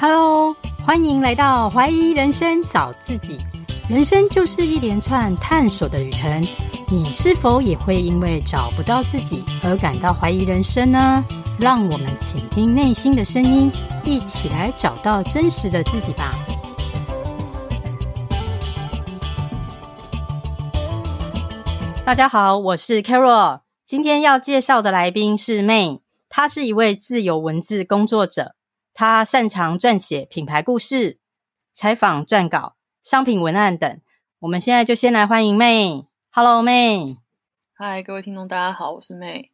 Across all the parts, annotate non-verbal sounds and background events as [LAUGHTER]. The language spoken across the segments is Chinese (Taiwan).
Hello，歡迎來到懷疑人生找自己。人生就是一連串探索的旅程。你是否也會因為找不到自己而感到懷疑人生呢？讓我們傾聽內心的聲音，一起來找到真實的自己吧。大家好，我是 Carol。今天要介紹的來賓是 Mei，她是一位自由文字工作者。他擅長撰寫品牌故事、採訪撰稿、商品文案等。我們現在就先來歡迎 Mei。Hello，Mei。嗨，各位聽眾，大家好，我是 Mei。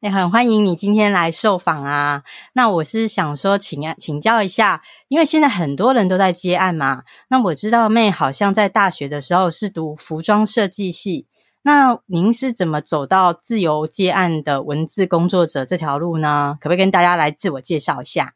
也、欸、很歡迎你今天來受訪啊。那我是想說，請，請請教一下，因為現在很多人都在接案嘛。那我知道 Mei 好像在大學的時候是讀服裝設計系，那您是怎麼走到自由接案的文字工作者這條路呢？可不可以跟大家來自我介紹一下？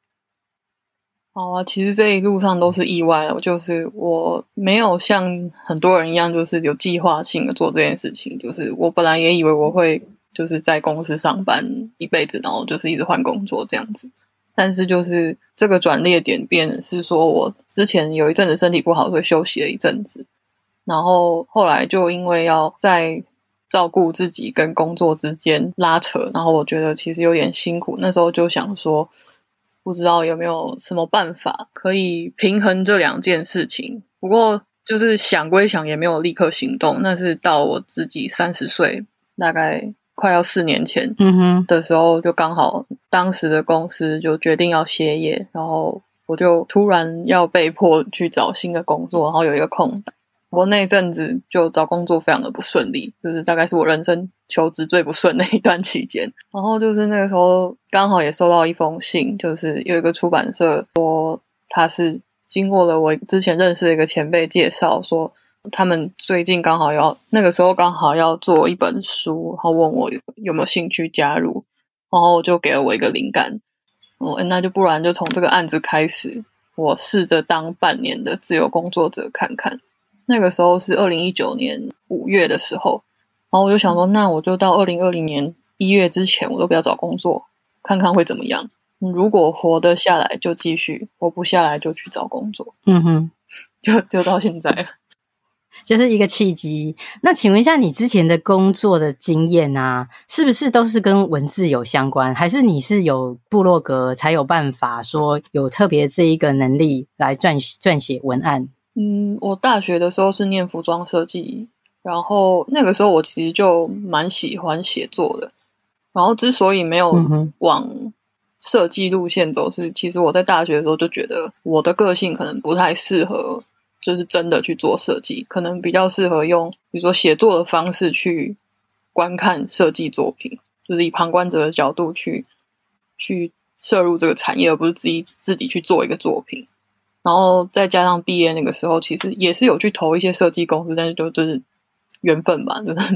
好啊，其實這一路上都是意外了。就是我沒有像很多人一樣，就是有計劃性的做這件事情。就是我本來也以為我會就是在公司上班一輩子，然後就是一直換工作這樣子。但是就是這個轉捩點，變是說我之前有一陣子身體不好，所以休息了一陣子。然後後來就因為要在照顧自己跟工作之間拉扯，然後我覺得其實有點辛苦。那時候就想說。不知道有沒有什麼辦法可以平衡這兩件事情？不過就是想歸想，也沒有立刻行動。那是到我自己三十歲，大概快要四年前嗯哼的時候，嗯、就剛好當時的公司就決定要歇業，然後我就突然要被迫去找新的工作，然後有一個空檔。我那陣子就找工作非常的不順利，就是大概是我人生求職最不順的一段期間。然後就是那個時候剛好也收到一封信，就是有一個出版社說他是經過了我之前認識的一個前輩介紹，說他們最近剛好要那個時候剛好要做一本書，然後問我有沒有興趣加入，然後就給了我一個靈感。嗯、欸，那就不然就從這個案子開始，我試着當半年的自由工作者看看。那個時候是二零一九年五月的時候，然後我就想說，那我就到二零二零年一月之前，我都不要找工作，看看會怎麼樣。如果活得下來，就繼續；活不下來，就去找工作。嗯哼，就就到現在了，這、就是一個契機。那請問一下，你之前的工作的經驗啊，是不是都是跟文字有相關？還是你是有部落格才有辦法說有特別這一個能力來撰撰寫文案？嗯，我大學的時候是念服裝設計，然後那個時候我其實就蠻喜歡寫作的。然後之所以沒有往設計路線走，是其實我在大學的時候就覺得我的個性可能不太適合，就是真的去做設計，可能比較適合用比如說寫作的方式去觀看設計作品，就是以旁觀者的角度去去涉入這個產業，而不是自己自己去做一個作品。然後再加上畢業那個時候，其實也是有去投一些設計公司，但是就就是緣分吧，就是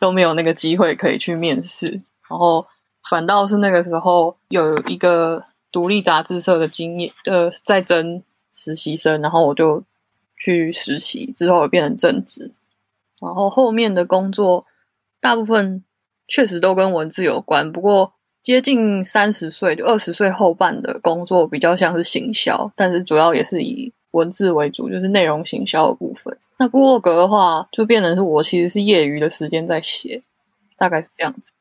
都沒有那個機會可以去面試。然後反倒是那個時候有一個獨立雜誌社的經驗，呃，在徵實習生，然後我就去實習，之後也變成正職。然後後面的工作大部分確實都跟文字有關，不過，接近三十歲，就二十歲後半的工作比較像是行銷，但是主要也是以文字為主，就是內容行銷的部分。那部落格的話，就變成是我其實是業餘的時間在寫，大概是這樣子。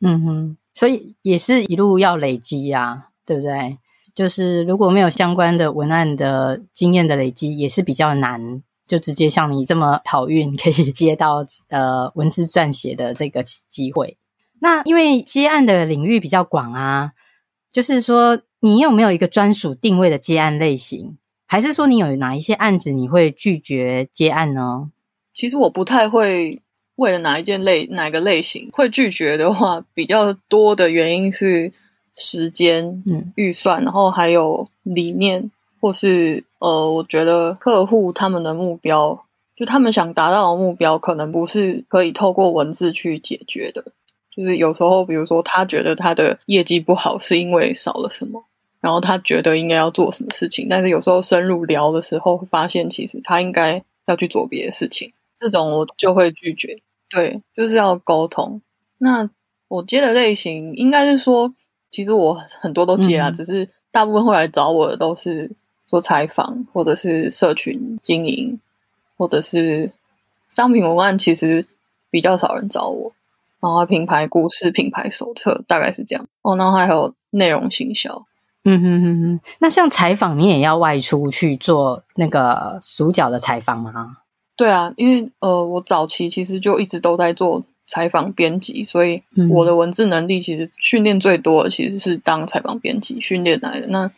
嗯哼，所以也是一路要累積呀、啊，對不對？就是如果沒有相關的文案的經驗的累積，也是比較難，就直接像你這麼好運可以接到呃文字撰寫的這個機會。那因為接案的領域比較廣啊，就是說你有沒有一個專屬定位的接案類型，還是說你有哪一些案子你會拒絕接案呢？其實我不太會為了哪一件類哪個類型會拒絕的話，比較多的原因是時間，嗯，預算，然後還有理念，或是呃，我覺得客戶他們的目標，就他們想達到的目標，可能不是可以透過文字去解決的。就是有時候，比如說他覺得他的業績不好，是因為少了什麼，然後他覺得應該要做什麼事情，但是有時候深入聊的時候，發現其實他應該要去做別的事情，這種我就會拒絕。對，就是要溝通。那我接的類型應該是說，其實我很多都接啊，只是大部分會來找我的都是做採訪，或者是社群經營，或者是商品文案，其實比較少人找我。然後品牌故事、品牌手冊大概是這樣。哦，然後還有內容行銷。嗯哼哼哼。那像採訪，你也要外出去做那個主角的採訪嗎？對啊，因為呃，我早期其實就一直都在做採訪編輯，所以我的文字能力其實訓練最多的其實是當採訪編輯訓練來的。那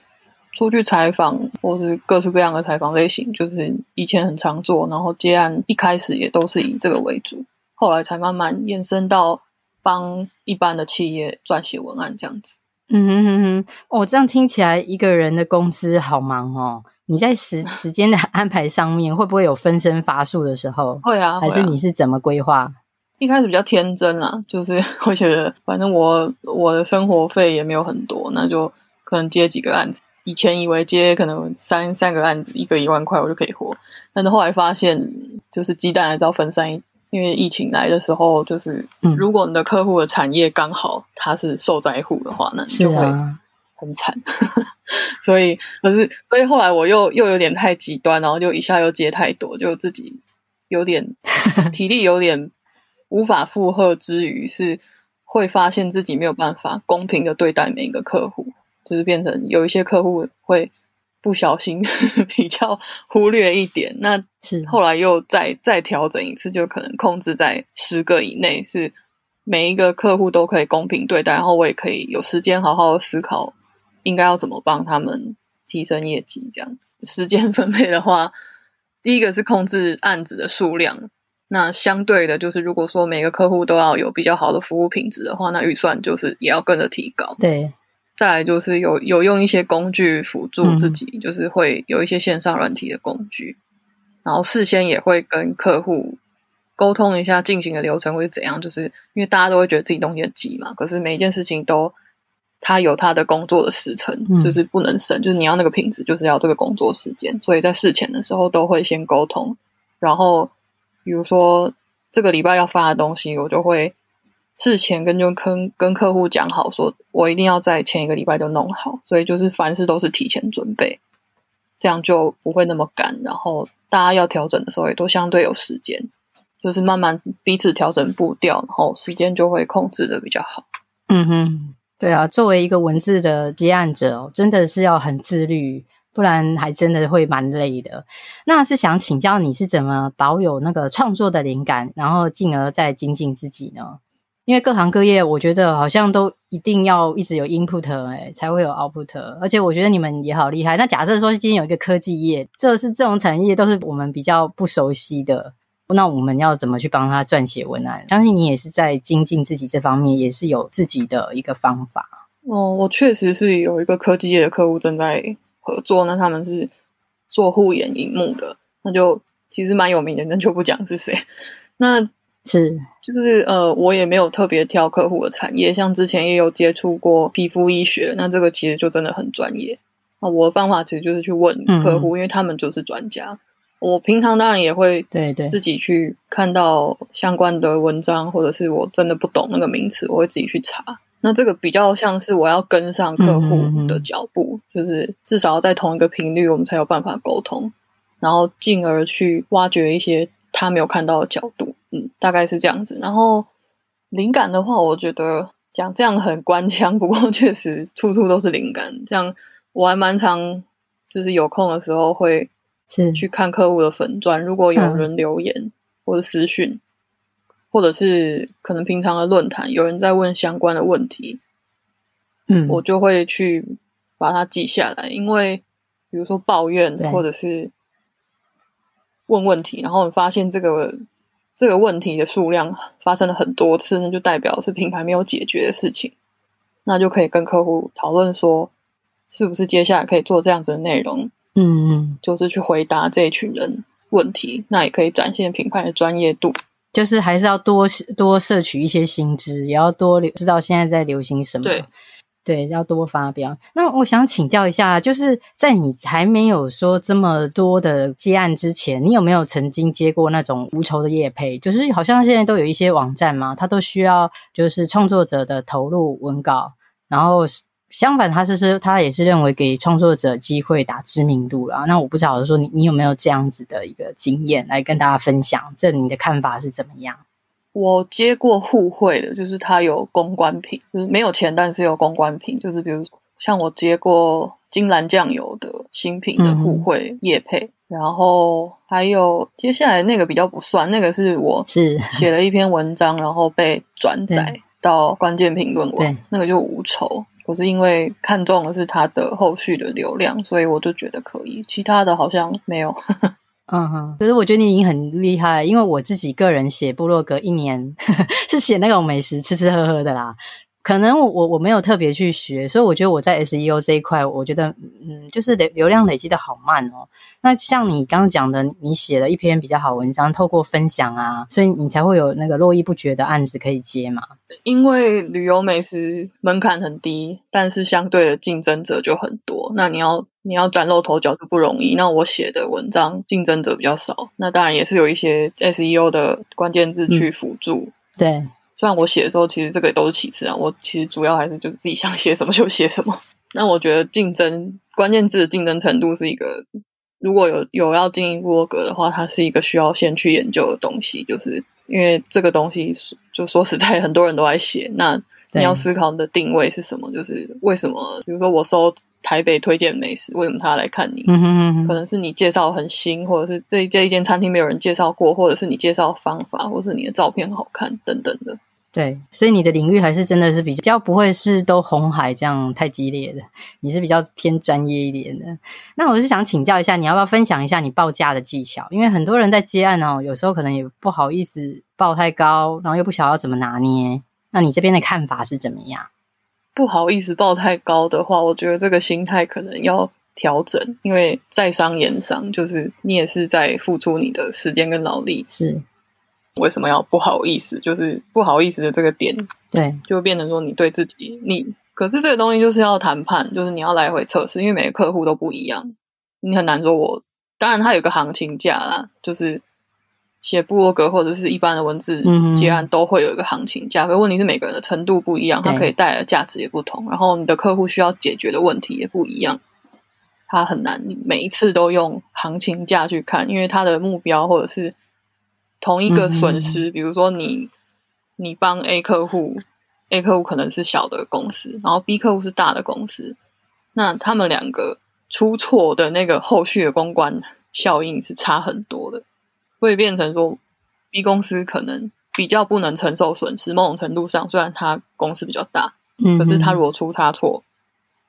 出去採訪或是各式各樣的採訪類型，就是以前很常做，然後接案一開始也都是以這個為主。後來才慢慢延伸到幫一般的企業撰寫文案這樣子。嗯，哼哼哼，我、哦，這樣聽起來一個人的公司好忙哦。你在時時間的安排上面會不會有分身乏術的時候？會啊，還是你是怎麼規劃？啊啊，一開始比較天真啦，啊，就是會覺得反正我我的生活費也沒有很多，那就可能接幾個案子。以前以為接可能三三個案子，一個一萬塊我就可以活，但是後來發現就是雞蛋還是要分散一。因為疫情來的時候，就是如果你的客戶的產業剛好他是受災戶的話，那你就會很慘。所以，可是，所以後來我又又有點太極端，然後就一下又接太多，就自己有點體力有點無法負荷，之餘是會發現自己沒有辦法公平的對待每一個客戶，就是變成有一些客戶會。不小心比較忽略一點，那是後來又再再調整一次，就可能控制在十個以內，是每一個客戶都可以公平對待，然後我也可以有時間好好思考應該要怎麼幫他們提升業績這樣子。時間分配的話，第一個是控制案子的數量，那相對的就是如果說每個客戶都要有比較好的服務品質的話，那預算就是也要跟着提高。對。再來就是有有用一些工具輔助自己、嗯，就是會有一些線上軟體的工具，然後事先也會跟客戶溝通一下進行的流程會是怎樣。就是因為大家都會覺得自己東西很急嘛，可是每一件事情都他有他的工作的時程，嗯，就是不能省。就是你要那個品質，就是要這個工作時間，所以在事前的時候都會先溝通。然後比如說這個禮拜要發的東西，我就會。事前跟就跟跟客戶講好，說我一定要在前一個禮拜就弄好，所以就是凡事都是提前準備，這樣就不會那麼趕。然後大家要調整的時候，也都相對有時間，就是慢慢彼此調整步調，然後時間就會控制得比較好。嗯哼，對啊，作為一個文字的接案者，真的是要很自律，不然還真的會蠻累的。那是想請教你是怎麼保有那個創作的靈感，然後進而再精進自己呢？因為各行各業，我覺得好像都一定要一直有 input 哎、欸，才會有 output。而且我覺得你們也好厲害。那假設說今天有一個科技業，這是這種產業都是我們比較不熟悉的，那我們要怎麼去幫他撰寫文案？相信你也是在精進自己這方面，也是有自己的一個方法。哦，我確實是有一個科技業的客戶正在合作，那他們是做護眼螢幕的，那就其實蠻有名的，那就不講是誰。 [LAUGHS] 那是，就是呃，我也沒有特別挑客戶的產業，像之前也有接觸過皮膚醫學，那這個其實就真的很專業。那我的方法其實就是去問客戶，嗯嗯，因為他們就是專家。我平常當然也會對對自己去看到相關的文章對對，或者是我真的不懂那個名詞，我會自己去查。那這個比較像是我要跟上客戶的腳步，嗯嗯嗯，就是至少在同一個頻率，我們才有辦法溝通，然後進而去挖掘一些他沒有看到的角度。大概是這樣子，然後靈感的話，我覺得講這樣很官腔，不過確實處處都是靈感。這樣我還蠻常，就是有空的時候會去看客戶的粉專，如果有人留言、嗯、或者私訊，或者是可能平常的論壇有人在問相關的問題，嗯，我就會去把它記下來，因為比如說抱怨或者是問問題，然後我發現這個。這個問題的數量發生了很多次，那就代表是品牌沒有解決的事情，那就可以跟客戶討論說，是不是接下來可以做這樣子的內容？嗯，就是去回答這一群人問題，那也可以展現品牌的專業度，就是還是要多多攝取一些新知，也要多留，知道現在在流行什麼。對。對，要多發表。那我想請教一下，就是在你還沒有說這麼多的接案之前，你有沒有曾經接過那種無酬的業配？就是好像現在都有一些網站嘛，它都需要就是創作者的投入文稿，然後相反，他是是他也是認為給創作者機會打知名度啦。那我不知道就說你，你有沒有這樣子的一個經驗來跟大家分享，這你的看法是怎麼樣？我接過互惠的，就是它有公關品，就是沒有錢，但是有公關品，就是比如說像我接過金蘭醬油的新品的互惠業配，嗯，然後還有接下來那個比較不算，那個是我是寫了一篇文章，然後被轉載到關鍵評論網，那個就無酬，我是因為看中的是它的後續的流量，所以我就覺得可以。其他的好像沒有。 [LAUGHS] 嗯哼，可是我覺得你已經很厲害，因為我自己個人寫部落格一年，呵呵，是寫那種美食吃吃喝喝的啦，可能我我我沒有特別去學，所以我覺得我在 SEO 這一塊，我覺得嗯，就是流流量累積的好慢哦。那像你剛剛講的，你寫了一篇比較好文章，透過分享啊，所以你才會有那個絡繹不絕的案子可以接嘛。因為旅遊美食門檻很低，但是相對的競爭者就很多，那你要。你要嶄露頭角就不容易。那我寫的文章競爭者比較少，那當然也是有一些 SEO 的關鍵字去輔助。嗯、對，雖然我寫的時候，其實這個都是其次啊。我其實主要還是就自己想寫什麼就寫什麼。那我覺得競爭關鍵字的競爭程度是一個，如果有有要進部落格的話，它是一個需要先去研究的東西。就是因為這個東西就說實在很多人都在寫，那你要思考你的定位是什麼，就是為什麼？比如說我搜。台北推薦美食，為什麼他來看你？嗯哼哼哼，可能是你介紹很新，或者是對這一間餐廳沒有人介紹過，或者是你介紹方法，或是你的照片好看等等的。對，所以你的領域還是真的是比較不會是都紅海這樣太激烈的，你是比較偏專業一點的。那我是想請教一下，你要不要分享一下你報價的技巧？因為很多人在接案哦，有時候可能也不好意思報太高，然後又不曉得要怎麼拿捏。那你這邊的看法是怎麼樣？不好意思，報太高的話，我覺得這個心態可能要調整，因為在商言商，就是你也是在付出你的時間跟勞力。是，為什麼要不好意思？就是不好意思的這個點，對，就變成說你對自己，你可是這個東西就是要談判，就是你要來回測試，因為每個客戶都不一樣，你很難說我，當然它有個行情價啦，就是。寫部落格或者是一般的文字、嗯，既然都會有一個行情價格，可問題是每個人的程度不一樣，它可以帶來的價值也不同。然後你的客戶需要解決的問題也不一樣，它很難你每一次都用行情價去看，因為他的目標或者是同一個損失，嗯、比如說你你幫 A 客戶，A 客戶可能是小的公司，然後 B 客戶是大的公司，那他們兩個出錯的那個後續的公關效應是差很多的。會變成說，B 公司可能比較不能承受損失。某種程度上，雖然他公司比較大，嗯、可是他如果出差錯，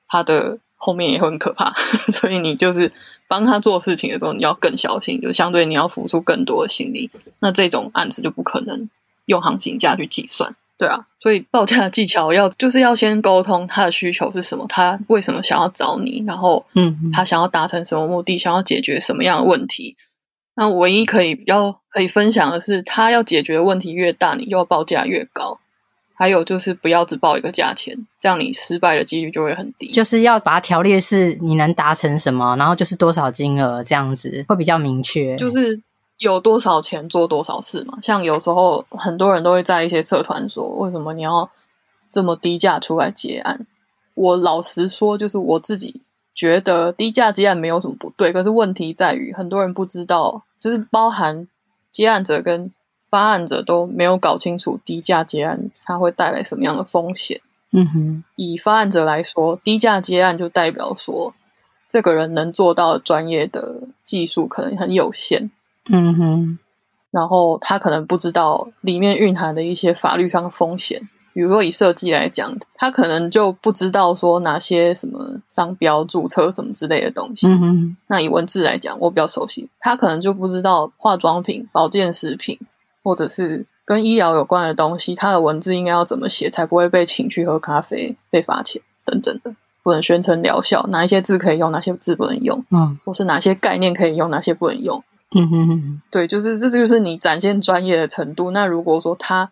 他的後面也會很可怕。 [LAUGHS] 所以你就是幫他做事情的時候，你要更小心，就相對你要付出更多的心力。那這種案子就不可能用行情價去計算，對啊。所以報價的技巧要就是要先溝通他的需求是什麼，他為什麼想要找你，然後嗯，他想要達成什麼目的、嗯，想要解決什麼樣的問題。那唯一可以要可以分享的是，他要解決的問題越大，你就要報價越高。還有就是不要只報一個價錢，這樣你失敗的幾率就會很低。就是要把條列式，你能達成什麼，然後就是多少金額這樣子會比較明確。就是有多少錢做多少事嘛。像有時候很多人都會在一些社團說：“為什麼你要這麼低價出來接案？”我老實說，就是我自己覺得低價接案沒有什麼不對，可是問題在於很多人不知道。就是包含接案者跟發案者都沒有搞清楚低價接案它會帶來什麼樣的風險。嗯哼，以發案者來說，低價接案就代表說，這個人能做到的專業的技術可能很有限。嗯哼，然後他可能不知道裡面蘊含的一些法律上的風險。比如說，以設計來講，他可能就不知道說哪些什麼商標註冊什麼之類的東西。嗯哼。那以文字來講，我比較熟悉，他可能就不知道化妝品、保健食品或者是跟醫療有關的東西，它的文字應該要怎麼寫，才不會被請去喝咖啡、被罰錢等等的，不能宣稱療效，哪一些字可以用，哪些字不能用，嗯，或是哪些概念可以用，哪些不能用，嗯哼哼，對，就是這就是你展現專業的程度。那如果說他。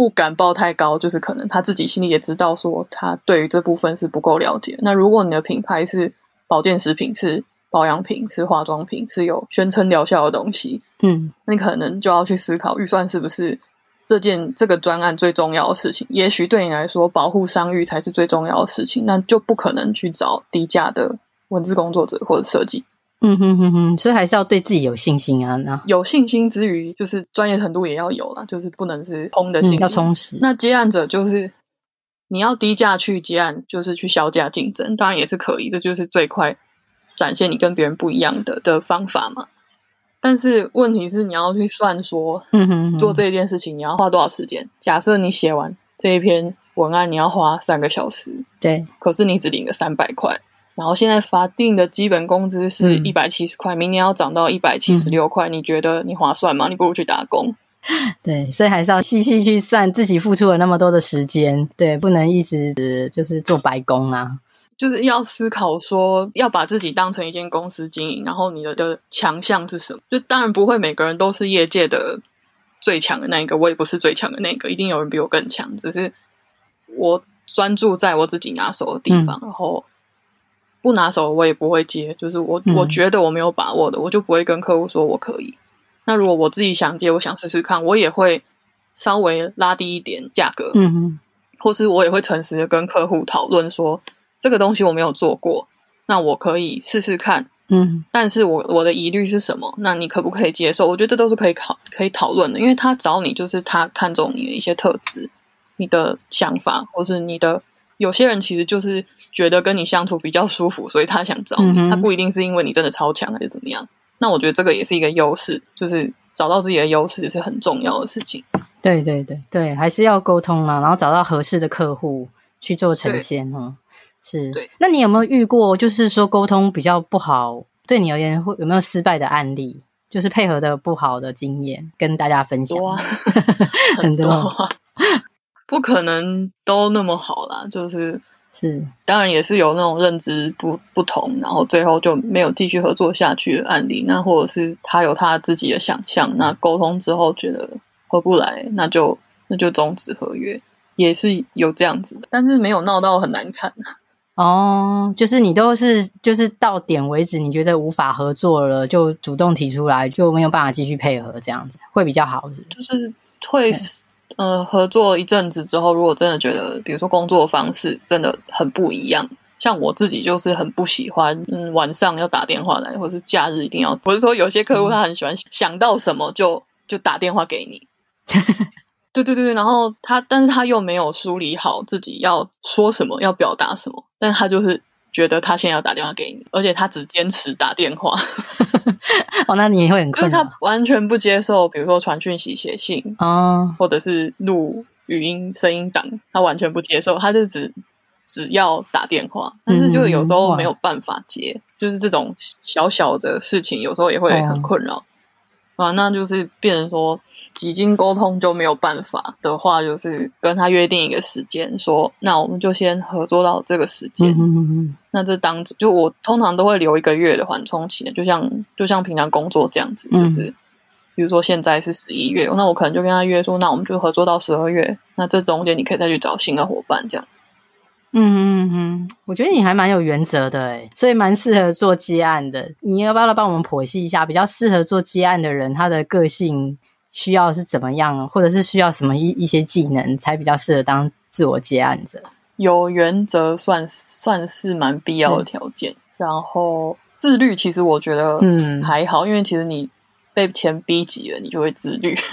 不敢報太高，就是可能他自己心裡也知道，說他對於這部分是不夠了解。那如果你的品牌是保健食品、是保養品、是化妝品，是有宣稱療效的東西，嗯，你可能就要去思考預算是不是這件這個專案最重要的事情。也許對你來說，保護商譽才是最重要的事情，那就不可能去找低價的文字工作者或者設計。嗯哼哼哼，所以還是要對自己有信心啊。有信心之餘，就是專業程度也要有啦，就是不能是空的信心，嗯。要充實。那接案者就是你要低價去接案，就是去削價競爭，當然也是可以。這就是最快展現你跟別人不一樣的的方法嘛。但是問題是，你要去算說，嗯哼哼，做這件事情你要花多少時間？假設你寫完這一篇文案，你要花三個小時，對，可是你只領了三百塊。然後現在法定的基本工資是一百七十塊、嗯，明年要漲到一百七十六塊、嗯，你覺得你划算嗎？你不如去打工。對，所以還是要細細去算，自己付出了那麼多的時間，對，不能一直就是做白工啊。就是要思考說，要把自己當成一間公司經營，然後你的，的強項是什麼？就當然不會每個人都是業界的最強的那一個，我也不是最強的那一個，一定有人比我更強，只是我專注在我自己拿手的地方，嗯、然後。不拿手，我也不會接。就是我、嗯，我覺得我沒有把握的，我就不會跟客戶說我可以。那如果我自己想接，我想試試看，我也會稍微拉低一點價格。嗯嗯，或是我也會誠實的跟客戶討論說，這個東西我沒有做過，那我可以試試看。嗯，但是我我的疑慮是什麼？那你可不可以接受？我覺得這都是可以考可以討論的，因為他找你就是他看中你的一些特質、你的想法，或是你的。有些人其實就是覺得跟你相處比較舒服，所以他想找你、嗯、哼他不一定是因為你真的超強還是怎麼樣。那我覺得這個也是一個優勢，就是找到自己的優勢是很重要的事情。對對對對，還是要溝通嘛，然後找到合適的客戶去做呈現哦。是對。那你有沒有遇過，就是說溝通比較不好，對你而言會有沒有失敗的案例，就是配合的不好的經驗，跟大家分享？多啊、 [LAUGHS] 很多。 [LAUGHS] 很多啊不可能都那麼好啦，就是是，當然也是有那種認知不不同，然後最後就沒有繼續合作下去的案例。那或者是他有他自己的想象那溝通之後覺得合不來，那就那就終止合約，也是有這樣子的。但是沒有鬧到很難看哦。就是你都是就是到點為止，你覺得無法合作了，就主動提出來，就沒有辦法繼續配合，這樣子會比較好是，是，就是會。嗯，合作一陣子之後，如果真的覺得，比如說工作方式真的很不一樣，像我自己就是很不喜歡，嗯，晚上要打電話來，或是假日一定要，不是說有些客戶他很喜歡，想到什麼就就打電話給你， [LAUGHS] 對對對對，然後他，但是他又沒有梳理好自己要說什麼，要表達什麼，但他就是。覺得他現在要打電話給你，而且他只堅持打電話。哦、 [LAUGHS] oh，那你也會很困擾，因為、就是、他完全不接受，比如說傳訊息、寫信啊，oh. 或者是錄語音、聲音檔，他完全不接受，他就只只要打電話。但是就有時候沒有辦法接，mm -hmm. 就是這種小小的事情，有時候也會很困擾。Oh. 啊，那就是變成說，幾經溝通就沒有辦法的話，就是跟他約定一個時間，說那我們就先合作到這個時間。嗯。那這當就我通常都會留一個月的緩衝期，就像就像平常工作這樣子，就是嗯、比如說現在是十一月，那我可能就跟他約說，那我們就合作到十二月，那這中間你可以再去找新的夥伴這樣子。嗯哼嗯嗯，我覺得你還蠻有原則的誒，所以蠻適合做接案的。你要不要來幫我們剖析一下，比較適合做接案的人，他的個性需要是怎麼樣，或者是需要什麼一一些技能，才比較適合當自我接案者？有原則算算是蠻必要的條件，然後自律，其實我覺得嗯還好嗯，因為其實你被錢逼急了，你就會自律。 [LAUGHS]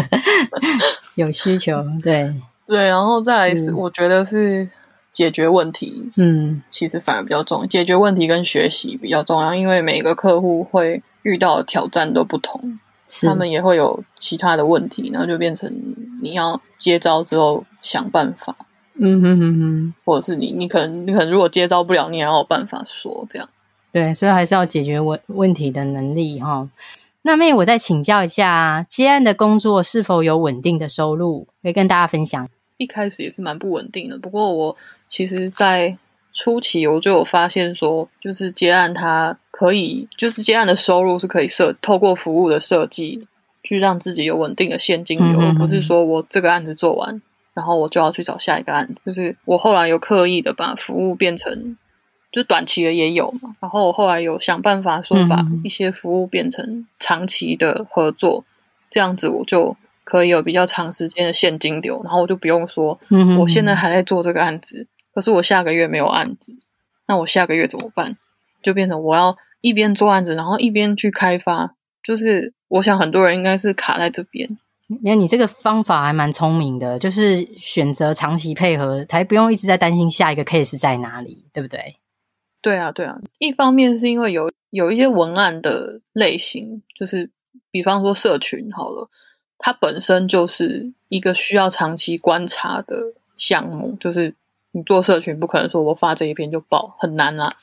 [LAUGHS] 有需求，對。對，然後再來是、嗯、我覺得是解決問題，嗯，其實反而比較重要。解決問題跟學習比較重要，因為每個客戶會遇到的挑戰都不同是，他們也會有其他的問題，然後就變成你要接招之後想辦法。嗯哼哼哼，或者是你，你可能你可能如果接招不了，你還要有辦法說這樣。對，所以還是要解決問問題的能力哈、哦。那妹，我再請教一下接案的工作是否有穩定的收入，可以跟大家分享？一開始也是蠻不穩定的，不過我其實，在初期我就有發現說，就是接案它可以，就是接案的收入是可以設，透過服務的設計去讓自己有穩定的現金流，而、嗯嗯嗯、不是說我這個案子做完，然後我就要去找下一個案子。就是我後來有刻意的把服務變成，就短期的也有嘛，然後我後來有想辦法說把一些服務變成長期的合作，嗯嗯嗯，這樣子我就。可以有比較長時間的現金流，然後我就不用說，嗯，我現在還在做這個案子，可是我下個月沒有案子，那我下個月怎麼辦？就變成我要一邊做案子，然後一邊去開發。就是我想很多人應該是卡在這邊。你看，你這個方法還蠻聰明的，就是選擇長期配合，才不用一直在擔心下一個 case 在哪裡，對不對？對啊，對啊。一方面是因為有有一些文案的類型，就是比方說社群好了。它本身就是一個需要長期觀察的項目，就是你做社群，不可能說我發這一篇就爆，很難啊。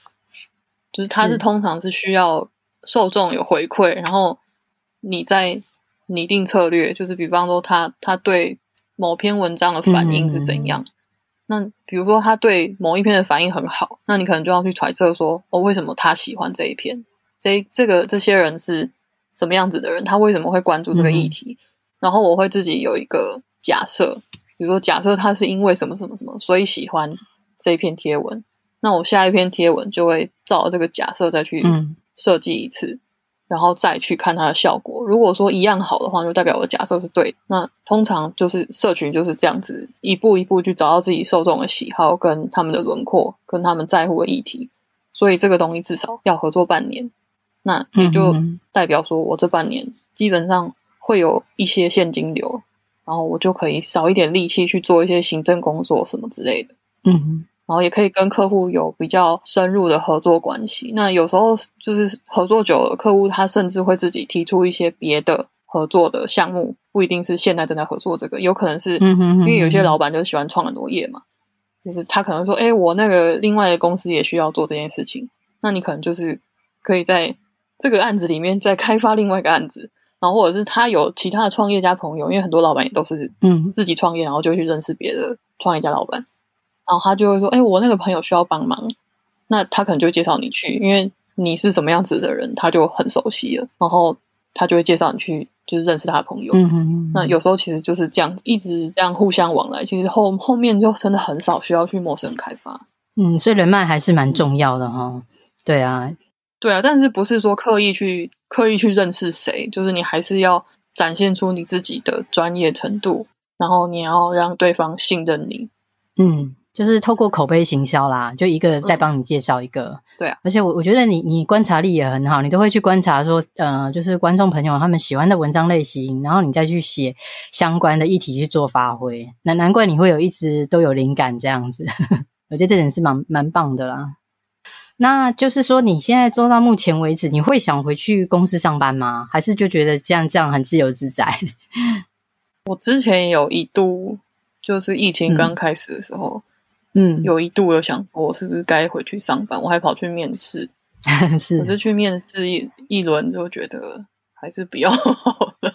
就是它是通常是需要受眾有回饋，然後你在擬定策略，就是比方說他他對某篇文章的反應是怎樣。嗯嗯。那比如說他對某一篇的反應很好，那你可能就要去揣測說哦，為什麼他喜歡這一篇？這這個這些人是什麼樣子的人？他為什麼會關注這個議題？嗯嗯然後我會自己有一個假設，比如說假設他是因為什麼什麼什麼，所以喜歡這一篇貼文。那我下一篇貼文就會照這個假設再去設計一次，嗯、然後再去看它的效果。如果說一樣好的話，就代表我的假設是對的。那通常就是社群就是這樣子，一步一步去找到自己受眾的喜好跟他們的輪廓跟他們在乎的議題。所以這個東西至少要合作半年，那也就代表說我這半年基本上。會有一些現金流，然後我就可以少一點力氣去做一些行政工作什麼之類的。嗯，然後也可以跟客戶有比較深入的合作關係。那有時候就是合作久了，客戶他甚至會自己提出一些別的合作的項目，不一定是現在正在合作這個，有可能是，嗯哼嗯哼。因為有些老板就喜歡創很多業嘛，就是他可能說，哎，我那個另外的公司也需要做這件事情，那你可能就是可以在這個案子裡面再開發另外一個案子。或者是他有其他的創業家朋友，因為很多老板也都是嗯自己創業，嗯，然後就去認識別的創業家老板，然後他就會說：“哎，欸，我那個朋友需要幫忙，那他可能就會介紹你去，因為你是什麼樣子的人，他就很熟悉了，然後他就會介紹你去，就是認識他的朋友。嗯哼嗯哼，那有時候其實就是這樣，一直這樣互相往來，其實後後面就真的很少需要去陌生開發。嗯，所以人脈還是蠻重要的哈，哦嗯。對啊。對啊，但是不是說刻意去刻意去認識誰，就是你還是要展現出你自己的專業程度，然後你要讓對方信任你。嗯，就是透過口碑行銷啦，就一個再幫你介紹一個。嗯、對啊，而且我我覺得你你觀察力也很好，你都會去觀察說，呃，就是觀眾朋友他們喜歡的文章類型，然後你再去寫相關的議題去做發揮。難難怪你會有一直都有靈感這樣子， [LAUGHS] 我覺得這點是蠻蠻棒的啦。那就是說，你現在做到目前為止，你會想回去公司上班嗎？還是就覺得這樣這樣很自由自在？我之前有一度，就是疫情剛開始的時候，嗯，有一度有想過，我是不是該回去上班？我還跑去面試，是，我是去面試一一輪，之後覺得還是比較好的。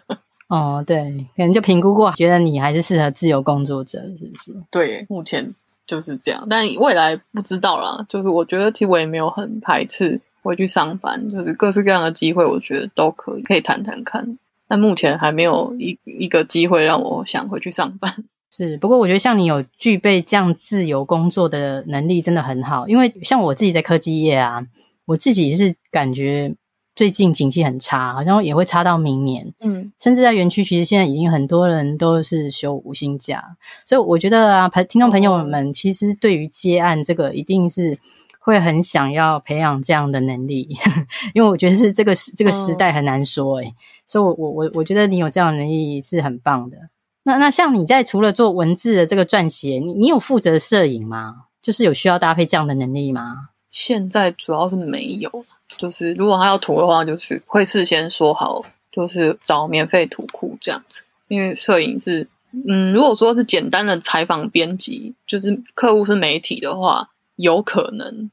哦，對，可能就評估過，覺得你還是適合自由工作者，是不是？對，目前。就是這樣，但未來不知道啦。就是我覺得，其實我也沒有很排斥回去上班，就是各式各樣的機會，我覺得都可以，可以談談看。但目前還沒有一一個機會讓我想回去上班。是，不過我覺得像你有具備這樣自由工作的能力，真的很好。因為像我自己在科技業啊，我自己是感覺。最近景氣很差，好像也會差到明年。嗯，甚至在園區，其實現在已經很多人都是休無薪假，所以我覺得啊，朋聽眾朋友們，其實對於接案這個，一定是會很想要培養這樣的能力， [LAUGHS] 因為我覺得是這個這個時代很難說誒、欸哦。所以我，我我我我覺得你有這樣的能力是很棒的。那那像你在除了做文字的這個撰寫，你你有負責攝影嗎？就是有需要搭配這樣的能力嗎？現在主要是沒有。就是如果他要圖的話，就是會事先說好，就是找免費圖庫這樣子。因為攝影是，嗯，如果說是簡單的採訪編輯，就是客戶是媒體的話，有可能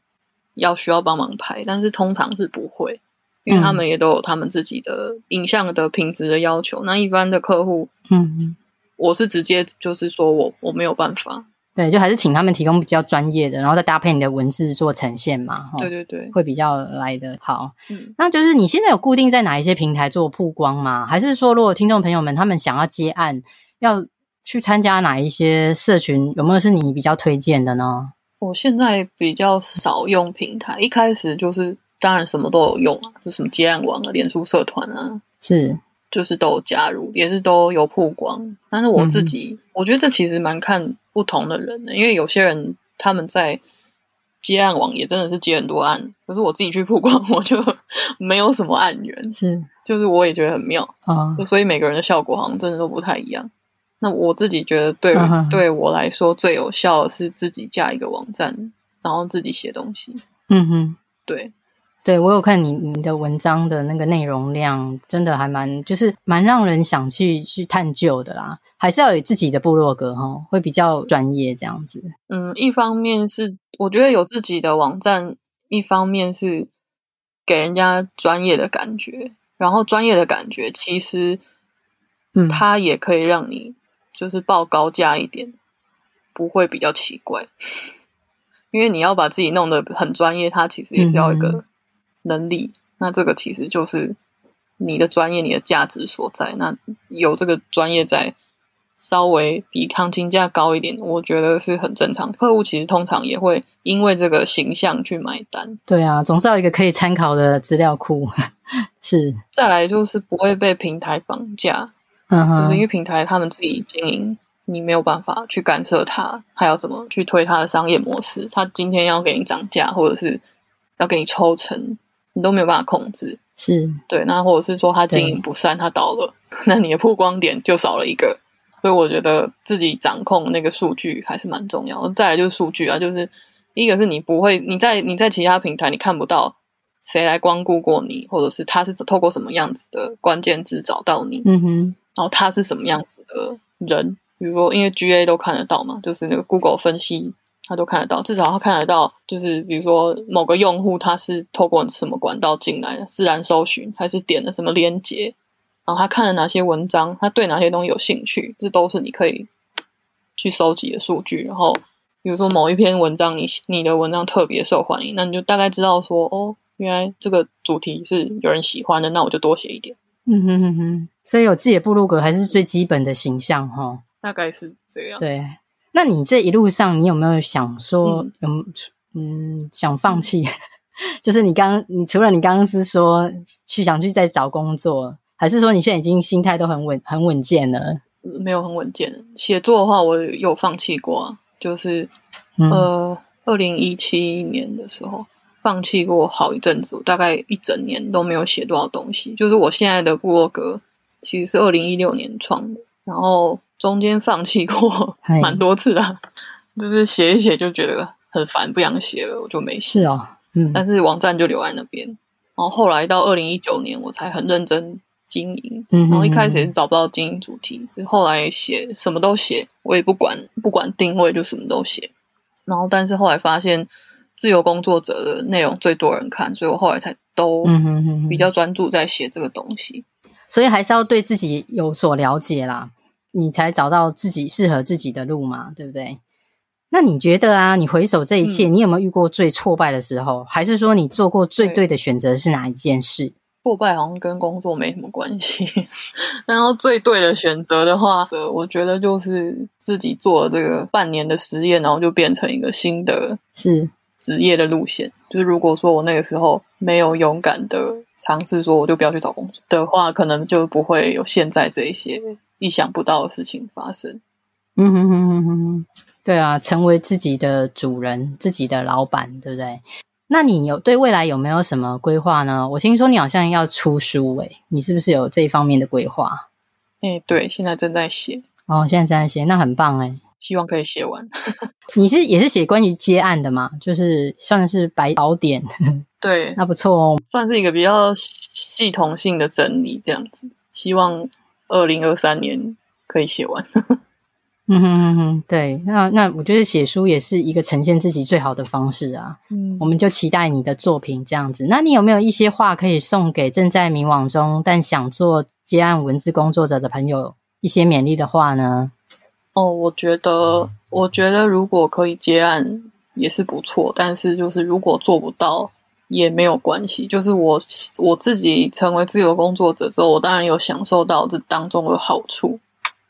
要需要幫忙拍，但是通常是不會，因為他們也都有他們自己的影像的品質的要求。那一般的客戶，嗯，我是直接就是說我我沒有辦法。對，就還是請他們提供比較專業的，然後再搭配你的文字做呈現嘛。哦、對對對，會比較來的。好、嗯，那就是你現在有固定在哪一些平台做曝光嗎？還是說，如果聽眾朋友們他們想要接案，要去參加哪一些社群，有沒有是你比較推薦的呢？我現在比較少用平台，一開始就是當然什麼都有用啊，就什麼接案網啊、臉書社團啊，是就是都有加入，也是都有曝光。但是我自己，嗯、我覺得這其實蠻看。不同的人呢，因為有些人他們在接案網也真的是接很多案，可是我自己去曝光，我就沒有什麼案源，是就是我也覺得很妙啊。Uh. 所以每個人的效果好像真的都不太一樣。那我自己覺得對、uh-huh. 對我來說最有效的是自己架一個網站，然後自己寫東西。嗯哼，對。對，我有看你你的文章的那個內容量，真的還蠻就是蠻讓人想去去探究的啦。還是要有自己的部落格哈，會比較專業這樣子。嗯，一方面是我覺得有自己的網站，一方面是給人家專業的感覺。然後專業的感覺，其實嗯，它也可以讓你就是報高價一點，嗯，不會比較奇怪。因為你要把自己弄得很專業，它其實也是要一個。能力，那這個其實就是你的專業，你的價值所在。那有這個專業在，稍微比行情價高一點，我覺得是很正常。客戶其實通常也會因為這個形象去買單。對啊，總是要一個可以參考的資料庫。 [LAUGHS] 是，再來就是不會被平台綁架。嗯、uh -huh.，就是因為平台他們自己經營，你沒有辦法去干涉他，還要怎麼去推他的商業模式？他今天要給你漲價，或者是要給你抽成？你都沒有辦法控制，是對。那或者是說他經營不善，他倒了，那你的曝光點就少了一個。所以我覺得自己掌控那個數據還是蠻重要的。再來就是數據啊，就是一個是你不會你在你在其他平台你看不到誰來光顧過你，或者是他是透過什麼樣子的關鍵字找到你，嗯哼，然後他是什麼樣子的人？比如說因為 GA 都看得到嘛，就是那個 Google 分析。他都看得到，至少他看得到，就是比如說某個用戶他是透過什麼管道進來的，自然搜尋還是點了什麼鏈接，然後他看了哪些文章，他對哪些東西有興趣，這都是你可以去收集的數據。然後，比如說某一篇文章你你的文章特別受歡迎，那你就大概知道說哦，原來這個主題是有人喜歡的，那我就多寫一點。嗯哼哼哼，所以有自己的部落格還是最基本的形象哈、哦，大概是這樣。對。那你這一路上，你有沒有想說，嗯有嗯，想放棄？嗯、 [LAUGHS] 就是你剛，你除了你剛剛是說去想去再找工作，還是說你現在已經心態都很穩、很穩健了？沒有很穩健。寫作的話，我有放棄過、啊，就是、嗯、呃，二零一七年的時候，放棄過好一陣子，我大概一整年都沒有寫多少東西。就是我現在的部落格，其實是二零一六年創的，然後。中間放棄過蠻多次的，hey. 啊，就是寫一寫就覺得很煩，不想寫了，我就沒寫。是啊、哦、嗯。但是網站就留在那邊，然後後來到二零一九年，我才很認真經營，嗯，嗯。然後一開始也是找不到經營主題，就是、後來寫什麼都寫，我也不管不管定位，就什麼都寫。然後但是後來發現自由工作者的內容最多人看，所以我後來才都比較專注在寫這個東西。嗯哼嗯哼，所以還是要對自己有所了解啦。你才找到自己適合自己的路嘛，對不對？那你覺得啊，你回首這一切，嗯、你有沒有遇過最挫敗的時候？還是說你做過最對的選擇是哪一件事？挫敗好像跟工作沒什麼關係。 [LAUGHS] 然後最對的選擇的話，我覺得就是自己做了這個半年的實驗，然後就變成一個新的是職業的路線。就是如果說我那個時候沒有勇敢的嘗試，說我就不要去找工作的話，可能就不會有現在這一些。意想不到的事情發生，嗯哼哼哼哼，對啊，成為自己的主人，自己的老闆，對不對？那你有對未來有沒有什麼規劃呢？我聽說你好像要出書誒、欸，你是不是有這一方面的規劃？哎、欸，對，現在正在寫哦，現在正在寫，那很棒哎、欸，希望可以寫完。 [LAUGHS] 你是也是寫關於接案的嘛？就是算是白寶典，對呵呵，那不錯哦，算是一個比較系統性的整理這樣子，希望。二零二三年可以寫完， [LAUGHS] 嗯哼哼哼，對，那那我覺得寫書也是一個呈現自己最好的方式啊。嗯，我們就期待你的作品這樣子。那你有沒有一些話可以送給正在迷惘中，但想做接案文字工作者的朋友一些勉勵的話呢？哦，我覺得，我覺得如果可以接案也是不錯，但是就是如果做不到。也沒有關係，就是我我自己成為自由工作者之後，我當然有享受到這當中的好處，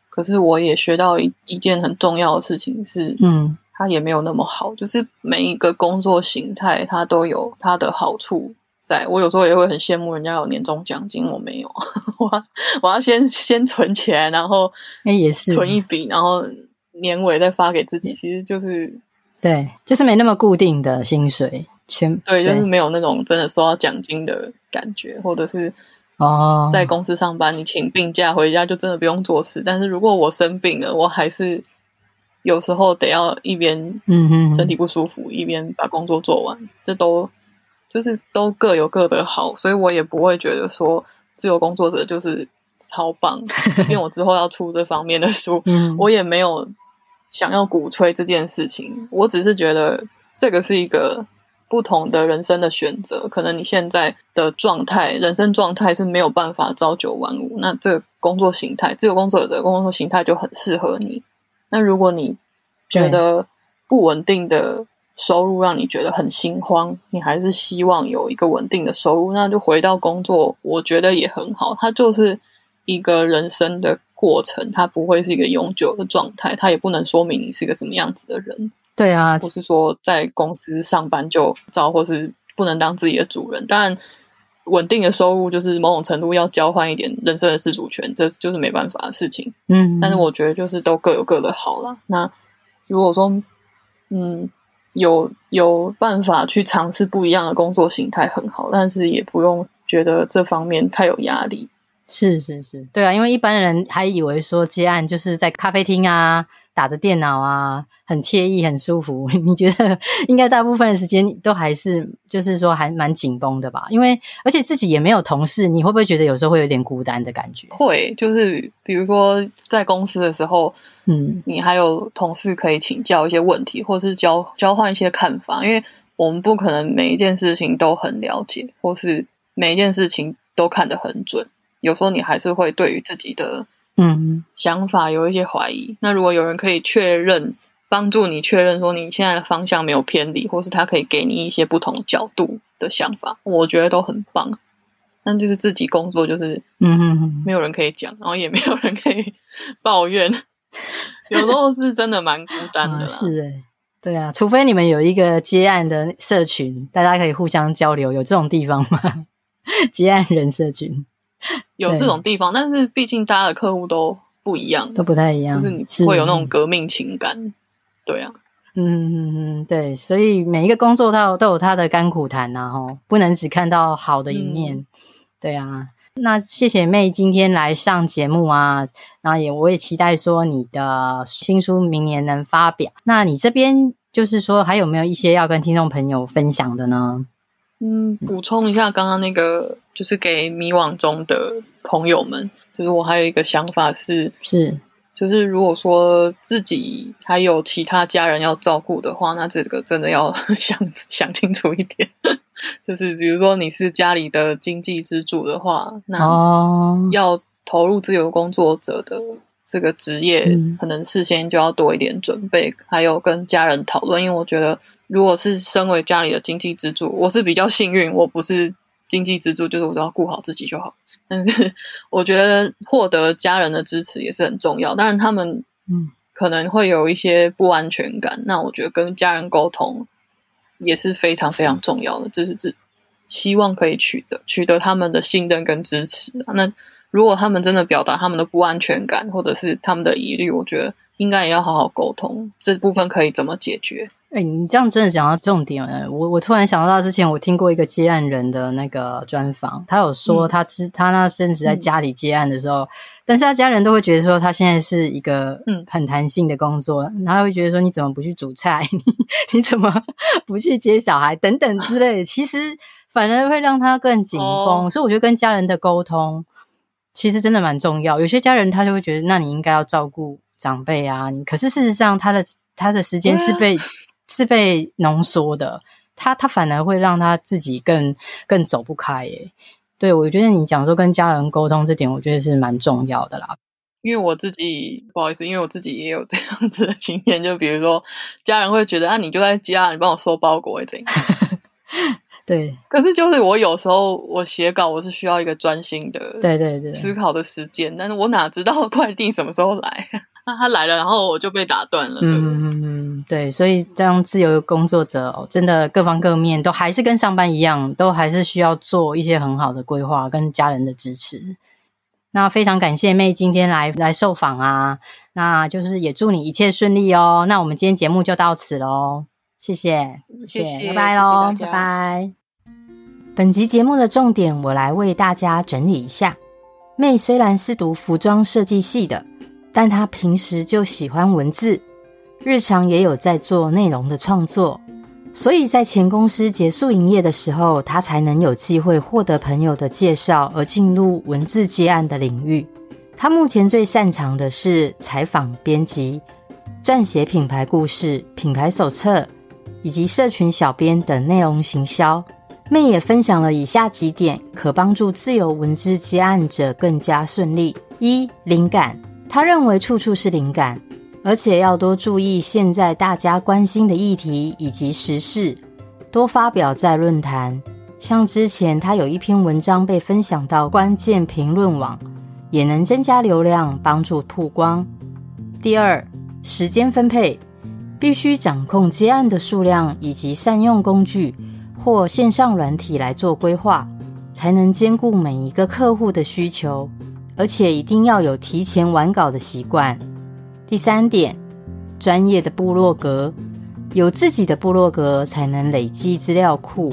可是我也學到一一件很重要的事情是，嗯，它也沒有那麼好，就是每一個工作形態它都有它的好處在。我有時候也會很羨慕人家有年終獎金，我沒有， [LAUGHS] 我要我要先先存錢，然後那也是存一筆，然後年尾再發給自己，欸、其實就是對，就是沒那麼固定的薪水。對，對，就是沒有那種真的收到獎金的感覺，或者是哦，在公司上班，你請病假回家就真的不用做事。但是如果我生病了，我還是有時候得要一邊嗯嗯，身體不舒服，嗯哼哼，一邊把工作做完。這都就是都各有各的好，所以我也不會覺得說自由工作者就是超棒。即 [LAUGHS] 便我之後要出這方面的書，嗯，我也沒有想要鼓吹這件事情。我只是覺得這個是一個。不同的人生的選擇，可能你現在的狀態，人生狀態是沒有辦法朝九晚五。那這個工作形態，自由工作者的工作形態就很適合你。那如果你覺得不穩定的收入讓你覺得很心慌，你還是希望有一個穩定的收入，那就回到工作，我覺得也很好。它就是一個人生的過程，它不會是一個永久的狀態，它也不能說明你是個什麼樣子的人。對啊，不是說在公司上班就糟，或是不能當自己的主人。當然，穩定的收入就是某種程度要交換一點人生的自主權，這就是沒辦法的事情。嗯，但是我覺得就是都各有各的好啦。那如果說嗯有有辦法去嘗試不一樣的工作形態，很好，但是也不用覺得這方面太有壓力。是是是，對啊，因為一般人還以為說接案就是在咖啡廳啊。打着電腦啊，很愜意，很舒服。你覺得應該大部分的時間都還是就是說還蠻緊繃的吧？因為而且自己也沒有同事，你會不會覺得有時候會有點孤單的感覺？會，就是比如說在公司的時候，嗯，你還有同事可以請教一些問題，或是交交換一些看法。因為我們不可能每一件事情都很了解，或是每一件事情都看得很準。有時候你還是會對於自己的。嗯，想法有一些懷疑。那如果有人可以確認，幫助你確認說你現在的方向沒有偏離，或是他可以給你一些不同角度的想法，我覺得都很棒。但就是自己工作，就是嗯嗯嗯，沒有人可以講、嗯，然後也沒有人可以抱怨。 [LAUGHS] 有時候是真的蠻孤單的、 [LAUGHS] 啊。是誒、欸、對啊，除非你們有一個接案的社群，大家可以互相交流，有這種地方嗎？ [LAUGHS] 接案人社群。有這種地方，但是畢竟大家的客戶都不一樣，都不太一樣，就是你會有那種革命情感，對啊，嗯嗯嗯，對，所以每一個工作它都，都有它的甘苦談啊，哦，不能只看到好的一面，嗯，對啊，那謝謝妹今天來上節目啊，然後也我也期待說你的新書明年能發表，那你這邊就是說還有沒有一些要跟聽眾朋友分享的呢？嗯，補充一下剛剛那個。就是給迷惘中的朋友們，就是我還有一個想法是是，就是如果說自己還有其他家人要照顧的話，那這個真的要想想清楚一點。 [LAUGHS] 就是比如說你是家裡的經濟支柱的話，那要投入自由工作者的這個職業，嗯、可能事先就要多一點準備，還有跟家人討論。因為我覺得，如果是身為家裡的經濟支柱，我是比較幸運，我不是。經濟支柱就是我都要顧好自己就好，但是我覺得獲得家人的支持也是很重要。當然，他們嗯可能會有一些不安全感，那我覺得跟家人溝通也是非常非常重要的，這、就是這，希望可以取得取得他們的信任跟支持。那如果他們真的表達他們的不安全感或者是他們的疑慮，我覺得應該也要好好溝通，這部分可以怎麼解決？哎、欸，你這樣真的講到重點了。我我突然想到之前我聽過一個接案人的那個專訪，他有說他之、嗯、他，他那甚至在家裡接案的時候，嗯，但是他家人都會覺得說他現在是一個很彈性的工作，嗯，然後他會覺得說你怎麼不去煮菜，你你怎麼不去接小孩等等之類的。其實反而會讓他更緊繃哦。所以我覺得跟家人的溝通其實真的蠻重要。有些家人他就會覺得那你應該要照顧長輩啊，可是事實上他的他的時間是被 [LAUGHS] 是被濃縮的，他他反而會讓他自己更更走不開耶。對，我覺得你講說跟家人溝通這點，我覺得是蠻重要的啦。因為我自己不好意思，因為我自己也有這樣子的經驗，就比如說家人會覺得啊，你就在家，你幫我收包裹會怎樣？ [LAUGHS] 對，可是就是我有時候我寫稿，我是需要一個專心的、的，對對對，思考的時間。但是我哪知道快遞什麼時候來？啊，他來了，然後我就被打斷了。嗯嗯，對，所以這樣自由工作者，真的各方各面都還是跟上班一樣，都還是需要做一些很好的規劃跟家人的支持。那非常感謝妹今天來來受訪啊，那就是也祝你一切順利哦。那我們今天節目就到此嘍，謝謝謝謝，謝謝，拜拜嘍，哦，拜拜。本集節目的重點，我來為大家整理一下。妹雖然是讀服裝設計系的。但他平時就喜歡文字，日常也有在做內容的創作，所以在前公司結束營業的時候，他才能有機會獲得朋友的介紹而進入文字接案的領域。他目前最擅長的是採訪、編輯、撰寫品牌故事、品牌手冊以及社群小編等內容行銷。Mei 也分享了以下幾點，可幫助自由文字接案者更加順利：一、靈感。他認為處處是靈感，而且要多注意現在大家關心的議題以及時事，多發表在論壇。像之前他有一篇文章被分享到關鍵評論網，也能增加流量，幫助曝光。第二，時間分配必須掌控接案的數量，以及善用工具或線上軟體來做規劃，才能兼顧每一個客戶的需求。而且一定要有提前完稿的習慣。第三點，專業的部落格，有自己的部落格，才能累積資料庫，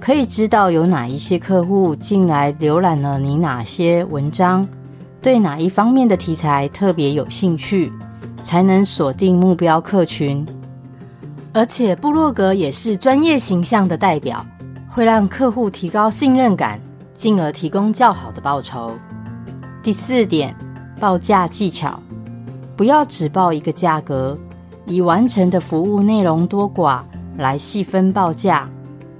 可以知道有哪一些客戶進來瀏覽了你哪些文章，對哪一方面的題材特別有興趣，才能鎖定目標客群。而且，部落格也是專業形象的代表，會讓客戶提高信任感，進而提供較好的報酬。第四點，報價技巧，不要只報一個價格，以完成的服務內容多寡來細分報價，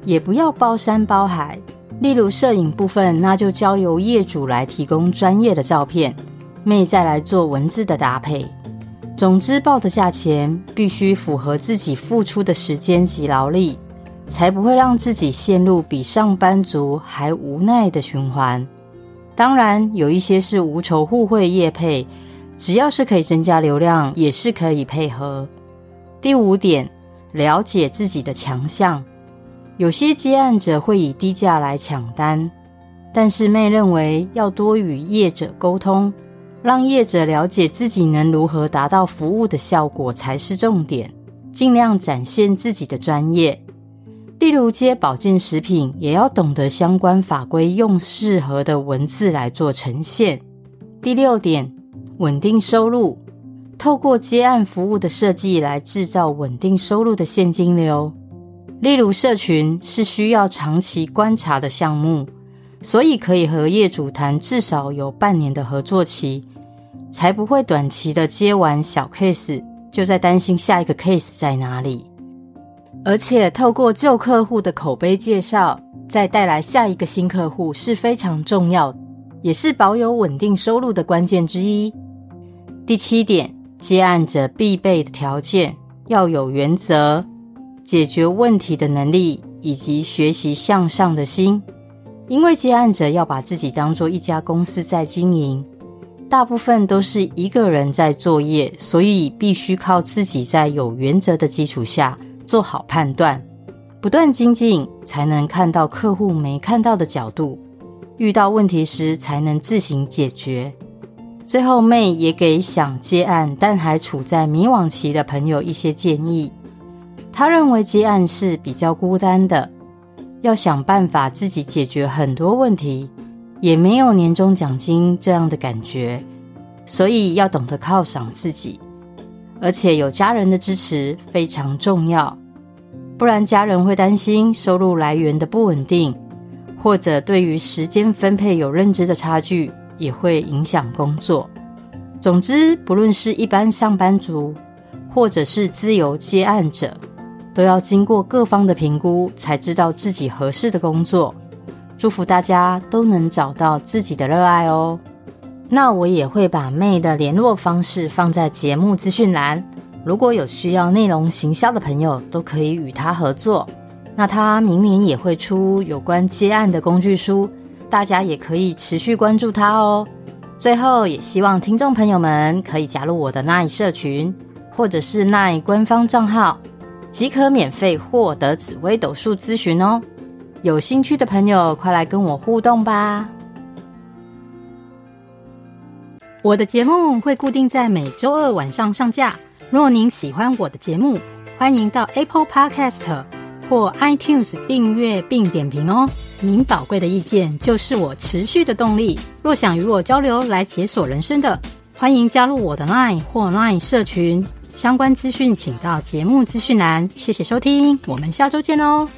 也不要包山包海。例如攝影部分，那就交由業主來提供專業的照片，妹再來做文字的搭配。總之，報的價錢必須符合自己付出的時間及勞力，才不會讓自己陷入比上班族還無奈的循環。當然，有一些是無酬互惠業配，只要是可以增加流量，也是可以配合。第五點，了解自己的強項。有些接案者會以低價來搶單，但是 Mei 認為要多與業者溝通，讓業者了解自己能如何達到服務的效果才是重點，盡量展現自己的專業。例如接保健食品，也要懂得相關法規，用適合的文字來做呈現。第六點，穩定收入，透過接案服務的設計來制造穩定收入的現金流。例如社群是需要長期觀察的項目，所以可以和業主談至少有半年的合作期，才不會短期的接完小 case，就在擔心下一個 case 在哪裡。而且，透過舊客戶的口碑介紹，再帶來下一個新客戶是非常重要，也是保有穩定收入的關鍵之一。第七點，接案者必備的條件，要有原則、解決問題的能力以及學習向上的心，因為接案者要把自己當作一家公司在經營，大部分都是一個人在作業，所以必須靠自己在有原則的基礎下。做好判斷，不斷精進，才能看到客戶沒看到的角度。遇到問題時，才能自行解決。最後，Mei 也給想接案但還處在迷惘期的朋友一些建議。她認為接案是比較孤單的，要想辦法自己解決很多問題，也沒有年終獎金這樣的感覺，所以要懂得犒賞自己。而且有家人的支持非常重要，不然家人會擔心收入來源的不穩定，或者對於時間分配有認知的差距，也會影響工作。總之，不論是一般上班族，或者是自由接案者，都要經過各方的評估，才知道自己合適的工作。祝福大家都能找到自己的熱愛哦。那我也會把 Mei 的聯絡方式放在節目資訊欄，如果有需要內容行銷的朋友，都可以與他合作。那他明年也會出有關接案的工具書，大家也可以持續關注他哦。最後，也希望聽眾朋友們可以加入我的 Line 社群，或者是 Line 官方賬號，即可免費獲得紫微斗數諮詢哦。有興趣的朋友，快來跟我互動吧。我的節目會固定在每周二晚上上架。若您喜歡我的節目，歡迎到 Apple Podcast 或 iTunes 訂閱並點評哦。您寶貴的意見就是我持續的動力。若想與我交流來解鎖人生的，歡迎加入我的 LINE 或 LINE 社群。相關資訊請到節目資訊欄。謝謝收聽，我們下周見哦。